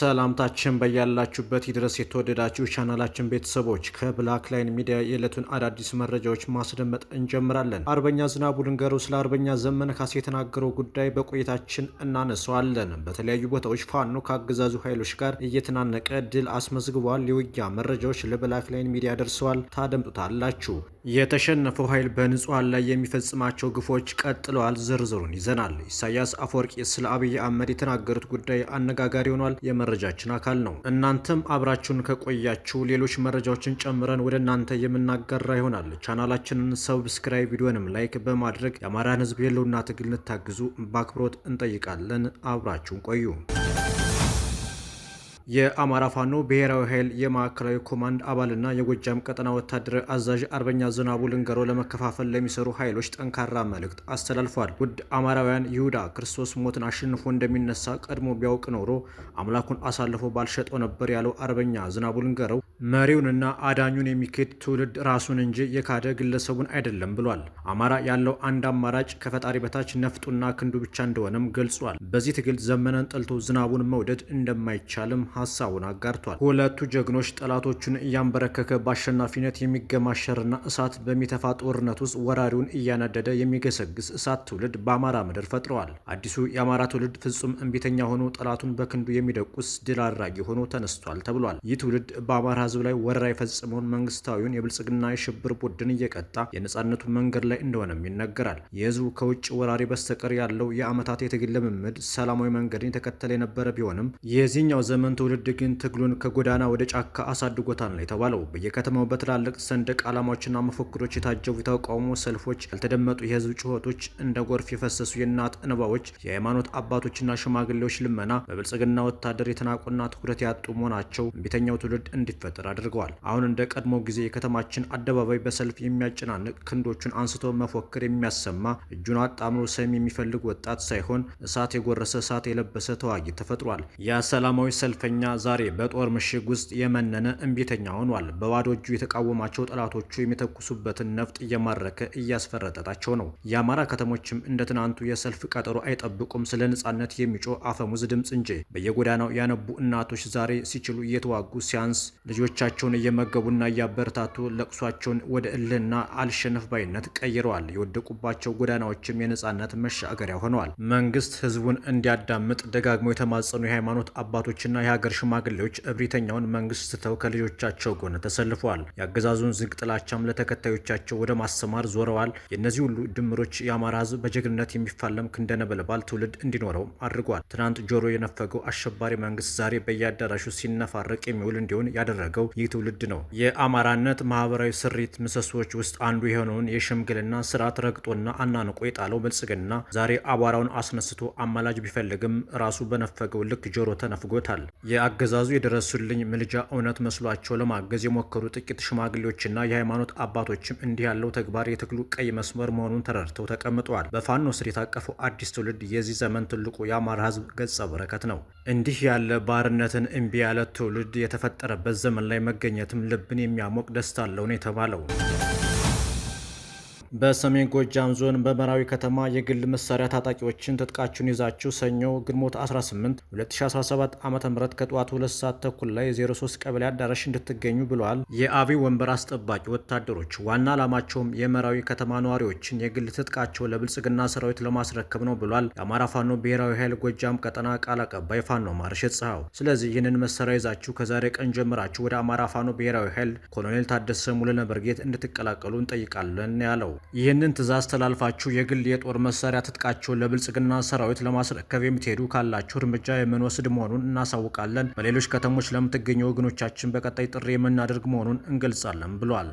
ሰላምታችን በያላችሁበት ይድረስ። የተወደዳችሁ ቻናላችን ቤተሰቦች ከብላክ ላይን ሚዲያ የዕለቱን አዳዲስ መረጃዎች ማስደመጥ እንጀምራለን። አርበኛ ዝናቡ ልንገሩ ስለ አርበኛ ዘመነ ካሴ የተናገረው ጉዳይ በቆይታችን እናነሰዋለን። በተለያዩ ቦታዎች ፋኖ ከአገዛዙ ኃይሎች ጋር እየተናነቀ ድል አስመዝግቧል። የውጊያ መረጃዎች ለብላክ ላይን ሚዲያ ደርሰዋል፣ ታደምጡታላችሁ። የተሸነፈው ኃይል በንጹሐን ላይ የሚፈጽማቸው ግፎች ቀጥለዋል። ዝርዝሩን ይዘናል። ኢሳያስ አፈወርቂ ስለ አብይ አህመድ የተናገሩት ጉዳይ አነጋጋሪ ሆኗል። የመረጃችን አካል ነው። እናንተም አብራችሁን ከቆያችሁ ሌሎች መረጃዎችን ጨምረን ወደ እናንተ የምናጋራ ይሆናል። ቻናላችንን ሰብስክራይብ፣ ቪዲዮንም ላይክ በማድረግ የአማራን ህዝብ የህልውና ትግል እንታግዙ በአክብሮት እንጠይቃለን። አብራችሁን ቆዩ። የአማራ ፋኖ ብሔራዊ ኃይል የማዕከላዊ ኮማንድ አባልና የጎጃም ቀጠና ወታደራዊ አዛዥ አርበኛ ዝናቡ ልንገሮ ለመከፋፈል ለሚሰሩ ኃይሎች ጠንካራ መልእክት አስተላልፏል። ውድ አማራውያን፣ ይሁዳ ክርስቶስ ሞትን አሸንፎ እንደሚነሳ ቀድሞ ቢያውቅ ኖሮ አምላኩን አሳልፎ ባልሸጠው ነበር ያለው አርበኛ ዝናቡ ልንገረው መሪውንና አዳኙን የሚኬድ ትውልድ ራሱን እንጂ የካደ ግለሰቡን አይደለም ብሏል። አማራ ያለው አንድ አማራጭ ከፈጣሪ በታች ነፍጡና ክንዱ ብቻ እንደሆነም ገልጿል። በዚህ ትግል ዘመነን ጠልቶ ዝናቡን መውደድ እንደማይቻልም ሀሳቡን አጋርቷል። ሁለቱ ጀግኖች ጠላቶቹን እያንበረከከ በአሸናፊነት የሚገማሸርና እሳት በሚተፋ ጦርነት ውስጥ ወራሪውን እያነደደ የሚገሰግስ እሳት ትውልድ በአማራ ምድር ፈጥረዋል። አዲሱ የአማራ ትውልድ ፍጹም እምቢተኛ ሆኖ ጠላቱን በክንዱ የሚደቁስ ድል አድራጊ ሆኖ ተነስቷል ተብሏል። ይህ ትውልድ በአማራ ሕዝብ ላይ ወረራ የፈጸመውን መንግስታዊውን የብልጽግና የሽብር ቡድን እየቀጣ የነጻነቱ መንገድ ላይ እንደሆነም ይነገራል። የህዝቡ ከውጭ ወራሪ በስተቀር ያለው የአመታት የትግል ልምምድ ሰላማዊ መንገድን የተከተለ የነበረ ቢሆንም የዚህኛው ዘመን ትውልድ ትውልድ ግን ትግሉን ከጎዳና ወደ ጫካ አሳድጎታል ነው የተባለው። በየከተማው በትላልቅ ሰንደቅ ዓላማዎችና መፈክሮች የታጀቡ የተቃውሞ ሰልፎች፣ ያልተደመጡ የህዝብ ጩኸቶች፣ እንደ ጎርፍ የፈሰሱ የእናት እንባዎች፣ የሃይማኖት አባቶችና ሽማግሌዎች ልመና በብልጽግና ወታደር የተናቁና ትኩረት ያጡ መሆናቸው እምቢተኛው ትውልድ እንዲፈጠር አድርገዋል። አሁን እንደ ቀድሞ ጊዜ የከተማችን አደባባይ በሰልፍ የሚያጨናንቅ ክንዶቹን አንስቶ መፎክር የሚያሰማ እጁን አጣምሮ ሰሚ የሚፈልግ ወጣት ሳይሆን እሳት የጎረሰ እሳት የለበሰ ተዋጊ ተፈጥሯል። ያ ሰላማዊ ሰልፈ ፖለቲከኛ ዛሬ በጦር ምሽግ ውስጥ የመነነ እምቢተኛ ሆኗል። በባዶ እጁ የተቃወማቸው ጠላቶቹ የሚተኩሱበትን ነፍጥ እየማረከ እያስፈረጠጣቸው ነው። የአማራ ከተሞችም እንደ ትናንቱ የሰልፍ ቀጠሮ አይጠብቁም። ስለ ነጻነት የሚጮ አፈሙዝ ድምፅ እንጂ በየጎዳናው ያነቡ እናቶች ዛሬ ሲችሉ እየተዋጉ ሲያንስ ልጆቻቸውን እየመገቡና እያበረታቱ ለቅሷቸውን ወደ እልህና አልሸነፍ ባይነት ቀይረዋል። የወደቁባቸው ጎዳናዎችም የነጻነት መሻገሪያ ሆነዋል። መንግስት ህዝቡን እንዲያዳምጥ ደጋግሞ የተማጸኑ የሃይማኖት አባቶችና የሀገር ሽማግሌዎች እብሪተኛውን መንግስት ስተው ከልጆቻቸው ጎን ተሰልፈዋል። የአገዛዙን ዝግ ጥላቻም ለተከታዮቻቸው ወደ ማሰማር ዞረዋል። የእነዚህ ሁሉ ድምሮች የአማራ ህዝብ በጀግንነት የሚፋለም ክንደነበልባል ትውልድ እንዲኖረው አድርጓል። ትናንት ጆሮ የነፈገው አሸባሪ መንግስት ዛሬ በየአዳራሹ ሲነፋረቅ የሚውል እንዲሆን ያደረገው ይህ ትውልድ ነው። የአማራነት ማህበራዊ ስሪት ምሰሶዎች ውስጥ አንዱ የሆነውን የሽምግልና ስርዓት ረግጦና አናንቆ የጣለው ብልጽግና ዛሬ አቧራውን አስነስቶ አማላጅ ቢፈልግም ራሱ በነፈገው ልክ ጆሮ ተነፍጎታል። የአገዛዙ የደረሱልኝ ምልጃ እውነት መስሏቸው ለማገዝ የሞከሩ ጥቂት ሽማግሌዎችና የሃይማኖት አባቶችም እንዲህ ያለው ተግባር የትግሉ ቀይ መስመር መሆኑን ተረድተው ተቀምጠዋል። በፋኖ ስር የታቀፈው አዲስ ትውልድ የዚህ ዘመን ትልቁ የአማራ ህዝብ ገጸ በረከት ነው። እንዲህ ያለ ባርነትን እምቢ ያለ ትውልድ የተፈጠረበት ዘመን ላይ መገኘትም ልብን የሚያሞቅ ደስታ አለው ነው የተባለው። በሰሜን ጎጃም ዞን በመራዊ ከተማ የግል መሳሪያ ታጣቂዎችን ትጥቃችሁን ይዛችሁ ሰኞ ግንቦት 18 2017 ዓ ም ከጠዋቱ ሁለት ሰዓት ተኩል ላይ 03 ቀበሌ አዳራሽ እንድትገኙ ብለዋል የአብይ ወንበር አስጠባቂ ወታደሮች። ዋና ዓላማቸውም የመራዊ ከተማ ነዋሪዎችን የግል ትጥቃቸው ለብልጽግና ሰራዊት ለማስረከብ ነው ብሏል የአማራ ፋኖ ብሔራዊ ኃይል ጎጃም ቀጠና ቃል አቀባይ ፋኖ ማርሽ ጽሐው። ስለዚህ ይህንን መሳሪያ ይዛችሁ ከዛሬ ቀን ጀምራችሁ ወደ አማራ ፋኖ ብሔራዊ ኃይል ኮሎኔል ታደሰ ሙሉነ ብርጌድ እንድትቀላቀሉ እንጠይቃለን ያለው ይህንን ትዕዛዝ ተላልፋችሁ የግል የጦር መሳሪያ ትጥቃችሁን ለብልጽግና ሰራዊት ለማስረከብ የምትሄዱ ካላችሁ እርምጃ የምንወስድ መሆኑን እናሳውቃለን። በሌሎች ከተሞች ለምትገኙ ወገኖቻችን በቀጣይ ጥሪ የምናደርግ መሆኑን እንገልጻለን ብሏል።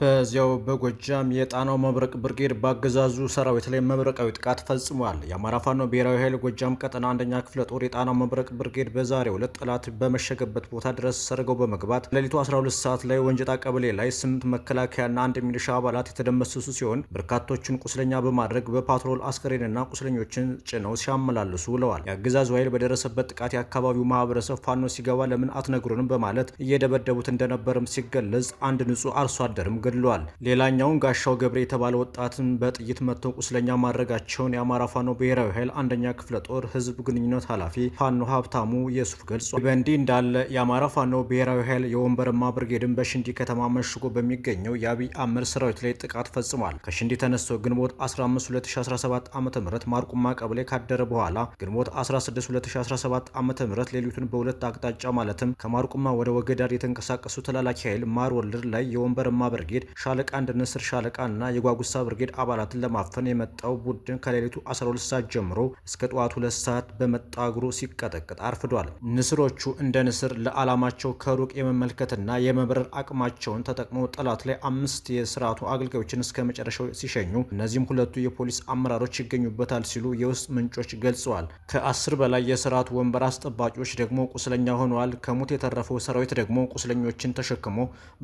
በዚያው በጎጃም የጣናው መብረቅ ብርጌድ በአገዛዙ ሰራዊት ላይ መብረቃዊ ጥቃት ፈጽሟል። የአማራ ፋኖ ብሔራዊ ኃይል ጎጃም ቀጠና አንደኛ ክፍለ ጦር የጣናው መብረቅ ብርጌድ በዛሬ ሁለት ጠላት በመሸገበት ቦታ ድረስ ሰርገው በመግባት ሌሊቱ 12 ሰዓት ላይ ወንጀጣ ቀበሌ ላይ ስምንት መከላከያና አንድ ሚሊሻ አባላት የተደመሰሱ ሲሆን በርካቶችን ቁስለኛ በማድረግ በፓትሮል አስከሬንና ቁስለኞችን ጭነው ሲያመላልሱ ውለዋል። የአገዛዙ ኃይል በደረሰበት ጥቃት የአካባቢው ማህበረሰብ ፋኖ ሲገባ ለምን አትነግሩንም በማለት እየደበደቡት እንደነበርም ሲገለጽ አንድ ንጹህ አርሶ አደርም ገድሏል። ሌላኛውን ጋሻው ገብሬ የተባለ ወጣትን በጥይት መጥቶ ቁስለኛ ማድረጋቸውን የአማራ ፋኖ ብሔራዊ ኃይል አንደኛ ክፍለ ጦር ህዝብ ግንኙነት ኃላፊ ፋኖ ሀብታሙ የሱፍ ገልጿል። በእንዲህ እንዳለ የአማራ ፋኖ ብሔራዊ ኃይል የወንበርማ ብርጌድን በሽንዲ ከተማ መሽጎ በሚገኘው የአብይ አህመድ ሰራዊት ላይ ጥቃት ፈጽሟል። ከሽንዲ ተነስቶ ግንቦት 15 2017 ዓ ም ማርቁማ ቀበሌ ካደረ በኋላ ግንቦት 16 2017 ዓ ም ሌሊቱን በሁለት አቅጣጫ ማለትም ከማርቁማ ወደ ወገዳድ የተንቀሳቀሱ ተላላኪ ኃይል ማር ወለድ ላይ የወንበርማ ብርጌድ ብርጌድ ሻለቃ አንድ ንስር ሻለቃና የጓጉሳ ብርጌድ አባላትን ለማፈን የመጣው ቡድን ከሌሊቱ 12 ሰዓት ጀምሮ እስከ ጠዋት 2 ሰዓት በመጣ እግሩ ሲቀጠቅጥ አርፍዷል። ንስሮቹ እንደ ንስር ለዓላማቸው ከሩቅ የመመልከትና የመብረር አቅማቸውን ተጠቅመው ጠላት ላይ አምስት የስርዓቱ አገልጋዮችን እስከ መጨረሻው ሲሸኙ እነዚህም ሁለቱ የፖሊስ አመራሮች ይገኙበታል ሲሉ የውስጥ ምንጮች ገልጸዋል። ከአስር በላይ የስርዓቱ ወንበር አስጠባቂዎች ደግሞ ቁስለኛ ሆነዋል። ከሙት የተረፈው ሰራዊት ደግሞ ቁስለኞችን ተሸክሞ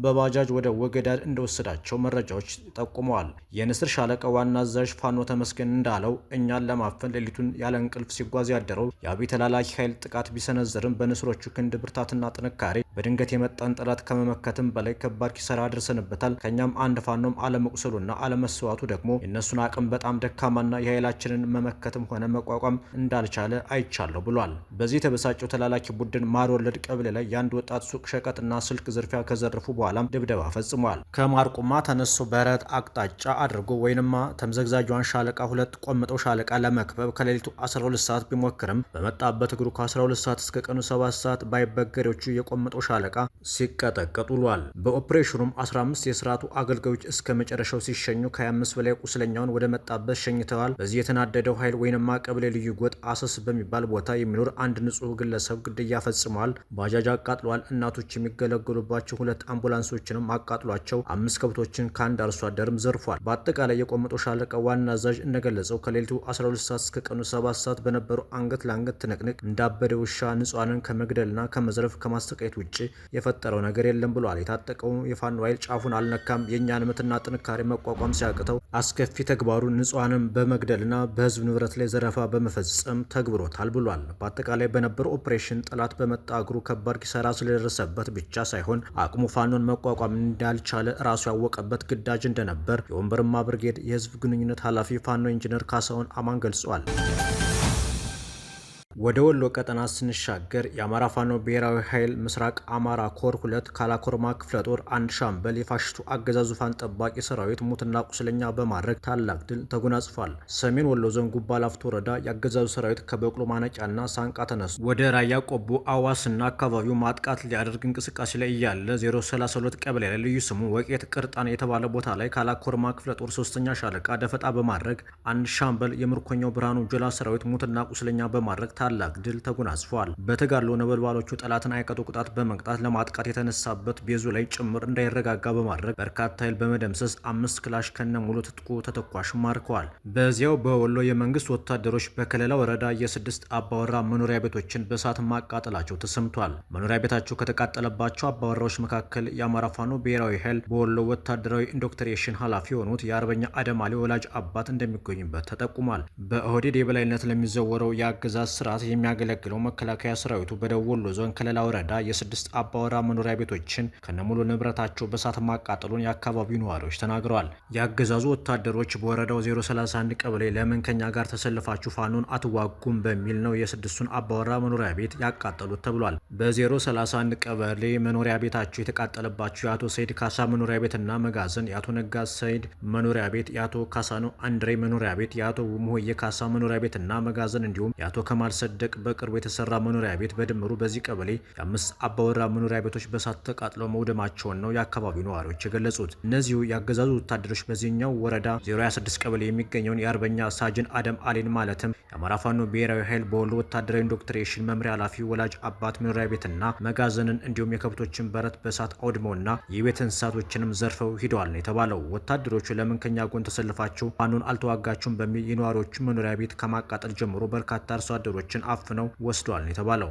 በባጃጅ ወደ ወገዳድ እንደ የወሰዳቸው መረጃዎች ጠቁመዋል። የንስር ሻለቃ ዋና አዛዥ ፋኖ ተመስገን እንዳለው እኛን ለማፈን ሌሊቱን ያለ እንቅልፍ ሲጓዝ ያደረው የአብይ ተላላኪ ኃይል ጥቃት ቢሰነዝርም በንስሮቹ ክንድ ብርታትና ጥንካሬ በድንገት የመጣን ጠላት ከመመከትም በላይ ከባድ ኪሳራ አድርሰንበታል። ከእኛም አንድ ፋኖም አለመቁሰሉና አለመስዋቱ ደግሞ የእነሱን አቅም በጣም ደካማና የኃይላችንን መመከትም ሆነ መቋቋም እንዳልቻለ አይቻለሁ ብሏል። በዚህ የተበሳጨው ተላላኪ ቡድን ማር ወለድ ቀብሌ ላይ የአንድ ወጣት ሱቅ ሸቀጥና ስልክ ዝርፊያ ከዘረፉ በኋላም ድብደባ ፈጽሟል። ማርቁማ ተነሱ በረት አቅጣጫ አድርጎ ወይንማ ተምዘግዛጇን ሻለቃ ሁለት ቆምጠው ሻለቃ ለመክበብ ከሌሊቱ 12 ሰዓት ቢሞክርም በመጣበት እግሩ ከ12 ሰዓት እስከ ቀኑ 7 ሰዓት ባይበገሬዎቹ የቆምጠው ሻለቃ ሲቀጠቀጥ ውሏል። በኦፕሬሽኑም 15 የስርዓቱ አገልጋዮች እስከ መጨረሻው ሲሸኙ ከ25 በላይ ቁስለኛውን ወደ መጣበት ሸኝተዋል። በዚህ የተናደደው ኃይል ወይንማ ቀብሌ ልዩ ጎጥ አሰስ በሚባል ቦታ የሚኖር አንድ ንጹህ ግለሰብ ግድያ ፈጽመዋል። ባጃጅ አቃጥሏል። እናቶች የሚገለገሉባቸው ሁለት አምቡላንሶችንም አቃጥሏቸው አምስት ከብቶችን ከአንድ አርሶ አደርም ዘርፏል። በአጠቃላይ የቆመጦ ሻለቃ ዋና አዛዥ እንደገለጸው ከሌሊቱ 12 ሰዓት እስከ ቀኑ 7 ሰዓት በነበሩ አንገት ለአንገት ትንቅንቅ እንዳበደ ውሻ ንጹሃንን ከመግደልና ከመዝረፍ ከማስተቃየት ውጭ የፈጠረው ነገር የለም ብሏል። የታጠቀው የፋኖ ኃይል ጫፉን አልነካም፣ የእኛን ምትና ጥንካሬ መቋቋም ሲያቅተው አስከፊ ተግባሩ ንጹሃንን በመግደልና በህዝብ ንብረት ላይ ዘረፋ በመፈጸም ተግብሮታል ብሏል። በአጠቃላይ በነበረው ኦፕሬሽን ጠላት በመጣ እግሩ ከባድ ኪሳራ ስለደረሰበት ብቻ ሳይሆን አቅሙ ፋኖን መቋቋም እንዳልቻለ ራሱ ያወቀበት ግዳጅ እንደነበር የወንበርማ ብርጌድ የህዝብ ግንኙነት ኃላፊ ፋኖ ኢንጂነር ካሳሁን አማን ገልጿል። ወደ ወሎ ቀጠና ስንሻገር የአማራ ፋኖ ብሔራዊ ኃይል ምስራቅ አማራ ኮር ሁለት ካላኮርማ ክፍለ ጦር አንድ ሻምበል የፋሽቱ አገዛዝ ዙፋን ጠባቂ ሰራዊት ሙትና ቁስለኛ በማድረግ ታላቅ ድል ተጎናጽፏል። ሰሜን ወሎ ዞን ጉባ ላፍቶ ወረዳ የአገዛዙ ሰራዊት ከበቅሎ ማነጫና ሳንቃ ተነሱ ወደ ራያ ቆቦ አዋስና አካባቢው ማጥቃት ሊያደርግ እንቅስቃሴ ላይ እያለ 032 ቀበሌ ላይ ልዩ ስሙ ወቄት ቅርጣን የተባለ ቦታ ላይ ካላኮርማ ክፍለ ጦር ሶስተኛ ሻለቃ ደፈጣ በማድረግ አንድ ሻምበል የምርኮኛው ብርሃኑ ጆላ ሰራዊት ሙትና ቁስለኛ በማድረግ ታላቅ ድል ተጎናጽፏል። በተጋድሎ ነበልባሎቹ ጠላትን አይቀጡ ቅጣት በመቅጣት ለማጥቃት የተነሳበት ቤዙ ላይ ጭምር እንዳይረጋጋ በማድረግ በርካታ ኃይል በመደምሰስ አምስት ክላሽ ከነ ሙሉ ትጥቁ ተተኳሽ ማርከዋል። በዚያው በወሎ የመንግስት ወታደሮች በከለላ ወረዳ የስድስት አባወራ መኖሪያ ቤቶችን በእሳት ማቃጠላቸው ተሰምቷል። መኖሪያ ቤታቸው ከተቃጠለባቸው አባወራዎች መካከል የአማራ ፋኖ ብሔራዊ ኃይል በወሎ ወታደራዊ ኢንዶክትሬሽን ኃላፊ የሆኑት የአርበኛ አደማሌ ወላጅ አባት እንደሚገኙበት ተጠቁሟል። በኦህዴድ የበላይነት ለሚዘወረው የአገዛዝ ስራ ስርዓት የሚያገለግለው መከላከያ ሰራዊቱ በደቡብ ወሎ ዞን ከለላ ወረዳ የስድስት አባወራ መኖሪያ ቤቶችን ከነሙሉ ንብረታቸው በእሳት ማቃጠሉን የአካባቢው ነዋሪዎች ተናግረዋል። የአገዛዙ ወታደሮች በወረዳው 031 ቀበሌ ለምን ከኛ ጋር ተሰልፋችሁ ፋኖን አትዋጉም በሚል ነው የስድስቱን አባወራ መኖሪያ ቤት ያቃጠሉት ተብሏል። በ031 ቀበሌ መኖሪያ ቤታቸው የተቃጠለባቸው የአቶ ሰይድ ካሳ መኖሪያ ቤትና መጋዘን፣ የአቶ ነጋ ሰይድ መኖሪያ ቤት፣ የአቶ ካሳኖ አንድሬ መኖሪያ ቤት፣ የአቶ ሙሆየ ካሳ መኖሪያ ቤትና መጋዘን እንዲሁም የአቶ ከማል ሰደቅ በቅርቡ የተሰራ መኖሪያ ቤት በድምሩ በዚህ ቀበሌ የአምስት አባወራ መኖሪያ ቤቶች በሳት ተቃጥለው መውደማቸውን ነው የአካባቢው ነዋሪዎች የገለጹት። እነዚሁ የአገዛዙ ወታደሮች በዚህኛው ወረዳ 026 ቀበሌ የሚገኘውን የአርበኛ ሳጅን አደም አሌን ማለትም የአማራ ፋኖ ብሔራዊ ኃይል በወሎ ወታደራዊ ኢንዶክትሬሽን መምሪያ ኃላፊ ወላጅ አባት መኖሪያ ቤትና መጋዘንን እንዲሁም የከብቶችን በረት በሳት አውድመውና የቤት እንስሳቶችንም ዘርፈው ሂደዋል ነው የተባለው። ወታደሮቹ ለምን ከኛ ጎን ተሰልፋችሁ ፋኖን አልተዋጋችሁም በሚል የነዋሪዎቹ መኖሪያ ቤት ከማቃጠል ጀምሮ በርካታ አርሶ አደሮች አፍነው ወስዷል ነው የተባለው።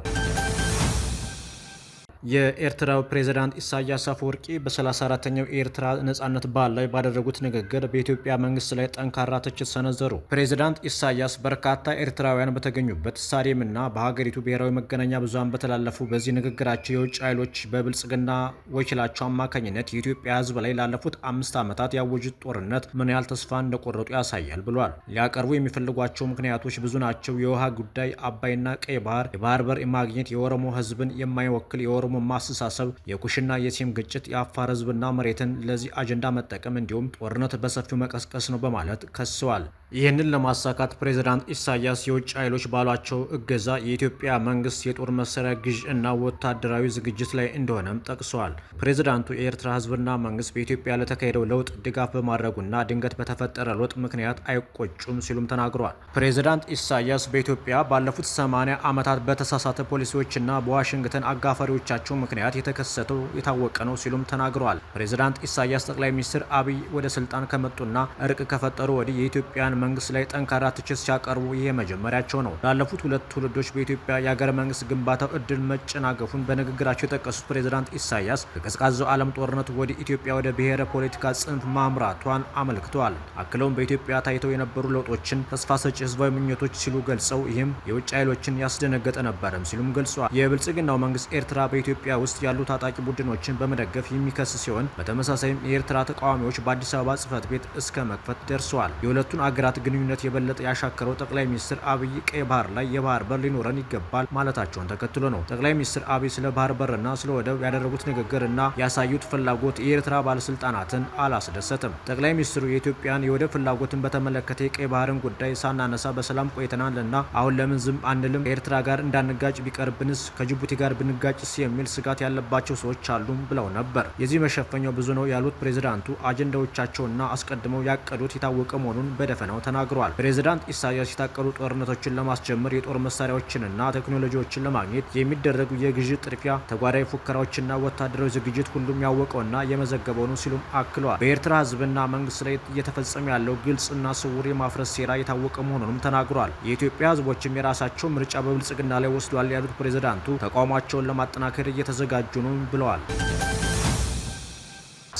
የኤርትራው ፕሬዝዳንት ኢሳያስ አፈወርቂ በ34ኛው የኤርትራ ነጻነት በዓል ላይ ባደረጉት ንግግር በኢትዮጵያ መንግስት ላይ ጠንካራ ትችት ሰነዘሩ። ፕሬዝዳንት ኢሳያስ በርካታ ኤርትራውያን በተገኙበት ስታዲየምና በሀገሪቱ ብሔራዊ መገናኛ ብዙሃን በተላለፉ በዚህ ንግግራቸው የውጭ ኃይሎች በብልጽግና ወኪላቸው አማካኝነት የኢትዮጵያ ሕዝብ ላይ ላለፉት አምስት ዓመታት ያወጁት ጦርነት ምን ያህል ተስፋ እንደቆረጡ ያሳያል ብሏል። ሊያቀርቡ የሚፈልጓቸው ምክንያቶች ብዙ ናቸው። የውሃ ጉዳይ፣ አባይና ቀይ ባህር፣ የባህር በር የማግኘት፣ የኦሮሞ ሕዝብን የማይወክል የኦሮሞ የኦሮሞማ ማስተሳሰብ የኩሽና የሲም ግጭት፣ የአፋር ህዝብና መሬትን ለዚህ አጀንዳ መጠቀም እንዲሁም ጦርነት በሰፊው መቀስቀስ ነው በማለት ከሰዋል። ይህንን ለማሳካት ፕሬዚዳንት ኢሳያስ የውጭ ኃይሎች ባሏቸው እገዛ የኢትዮጵያ መንግስት የጦር መሳሪያ ግዥ እና ወታደራዊ ዝግጅት ላይ እንደሆነም ጠቅሰዋል። ፕሬዚዳንቱ የኤርትራ ህዝብና መንግስት በኢትዮጵያ ለተካሄደው ለውጥ ድጋፍ በማድረጉና ድንገት በተፈጠረ ለውጥ ምክንያት አይቆጩም ሲሉም ተናግረዋል። ፕሬዚዳንት ኢሳያስ በኢትዮጵያ ባለፉት 80 ዓመታት በተሳሳተ ፖሊሲዎችና በዋሽንግተን አጋፋሪዎቻቸው መኖራቸው ምክንያት የተከሰተው የታወቀ ነው ሲሉም ተናግረዋል። ፕሬዚዳንት ኢሳያስ ጠቅላይ ሚኒስትር አብይ ወደ ስልጣን ከመጡና እርቅ ከፈጠሩ ወዲህ የኢትዮጵያን መንግስት ላይ ጠንካራ ትችት ሲያቀርቡ ይህ የመጀመሪያቸው ነው። ላለፉት ሁለት ትውልዶች በኢትዮጵያ የአገር መንግስት ግንባታው እድል መጨናገፉን በንግግራቸው የጠቀሱት ፕሬዚዳንት ኢሳያስ ከቀዝቃዛው ዓለም ጦርነት ወደ ኢትዮጵያ ወደ ብሔረ ፖለቲካ ጽንፍ ማምራቷን አመልክተዋል። አክለውም በኢትዮጵያ ታይተው የነበሩ ለውጦችን ተስፋ ሰጪ ህዝባዊ ምኞቶች ሲሉ ገልጸው ይህም የውጭ ኃይሎችን ያስደነገጠ ነበርም ሲሉም ገልጿል። የብልጽግናው መንግስት ኤርትራ በኢትዮ ኢትዮጵያ ውስጥ ያሉ ታጣቂ ቡድኖችን በመደገፍ የሚከስ ሲሆን በተመሳሳይም የኤርትራ ተቃዋሚዎች በአዲስ አበባ ጽህፈት ቤት እስከ መክፈት ደርሰዋል። የሁለቱን አገራት ግንኙነት የበለጠ ያሻከረው ጠቅላይ ሚኒስትር አብይ ቀይ ባህር ላይ የባህር በር ሊኖረን ይገባል ማለታቸውን ተከትሎ ነው። ጠቅላይ ሚኒስትር አብይ ስለ ባህር በርና ስለ ወደብ ያደረጉት ንግግርና ያሳዩት ፍላጎት የኤርትራ ባለስልጣናትን አላስደሰትም። ጠቅላይ ሚኒስትሩ የኢትዮጵያን የወደብ ፍላጎትን በተመለከተ የቀይ ባህርን ጉዳይ ሳናነሳ በሰላም ቆይተናልና አሁን ለምን ዝም አንልም? ከኤርትራ ጋር እንዳንጋጭ ቢቀርብንስ ከጅቡቲ ጋር ብንጋጭስ የሚል የሚል ስጋት ያለባቸው ሰዎች አሉም ብለው ነበር። የዚህ መሸፈኛው ብዙ ነው ያሉት ፕሬዝዳንቱ አጀንዳዎቻቸውና አስቀድመው ያቀዱት የታወቀ መሆኑን በደፈናው ተናግረዋል። ፕሬዝዳንት ኢሳያስ የታቀዱ ጦርነቶችን ለማስጀመር የጦር መሳሪያዎችንና ቴክኖሎጂዎችን ለማግኘት የሚደረጉ የግዥ ጥድፊያ፣ ተጓዳዊ ፉከራዎችና ወታደራዊ ዝግጅት ሁሉም ያወቀውና የመዘገበው ነው ሲሉም አክለዋል። በኤርትራ ህዝብና መንግስት ላይ እየተፈጸመ ያለው ግልጽና ስውር የማፍረስ ሴራ የታወቀ መሆኑንም ተናግሯል። የኢትዮጵያ ህዝቦችም የራሳቸው ምርጫ በብልጽግና ላይ ወስዷል ያሉት ፕሬዝዳንቱ ተቃውሟቸውን ለማጠናከር ለመውሰድ እየተዘጋጁ ነው ብለዋል።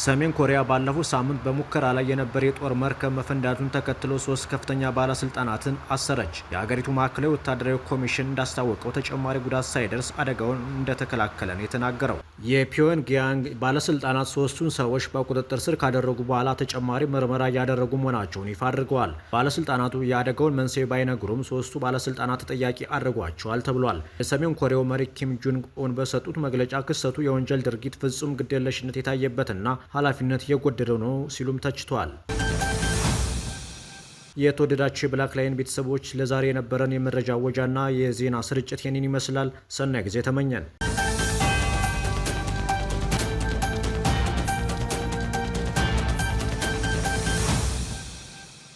ሰሜን ኮሪያ ባለፈው ሳምንት በሙከራ ላይ የነበረ የጦር መርከብ መፈንዳቱን ተከትሎ ሶስት ከፍተኛ ባለስልጣናትን አሰረች። የሀገሪቱ ማዕከላዊ ወታደራዊ ኮሚሽን እንዳስታወቀው ተጨማሪ ጉዳት ሳይደርስ አደጋውን እንደተከላከለ ነው የተናገረው። የፒዮንግያንግ ባለስልጣናት ሶስቱን ሰዎች በቁጥጥር ስር ካደረጉ በኋላ ተጨማሪ ምርመራ እያደረጉ መሆናቸውን ይፋ አድርገዋል። ባለስልጣናቱ የአደጋውን መንስኤ ባይነግሩም ሶስቱ ባለስልጣናት ተጠያቂ አድርጓቸዋል ተብሏል። የሰሜን ኮሪያው መሪ ኪም ጁንግ ኡን በሰጡት መግለጫ ክስተቱ የወንጀል ድርጊት ፍጹም ግዴለሽነት የታየበትና ኃላፊነት እየጎደለው ነው ሲሉም ተችቷል። የተወደዳቸው የብላክ ላይን ቤተሰቦች ለዛሬ የነበረን የመረጃ ወጃና የዜና ስርጭት ይህንን ይመስላል። ሰናይ ጊዜ ተመኘን።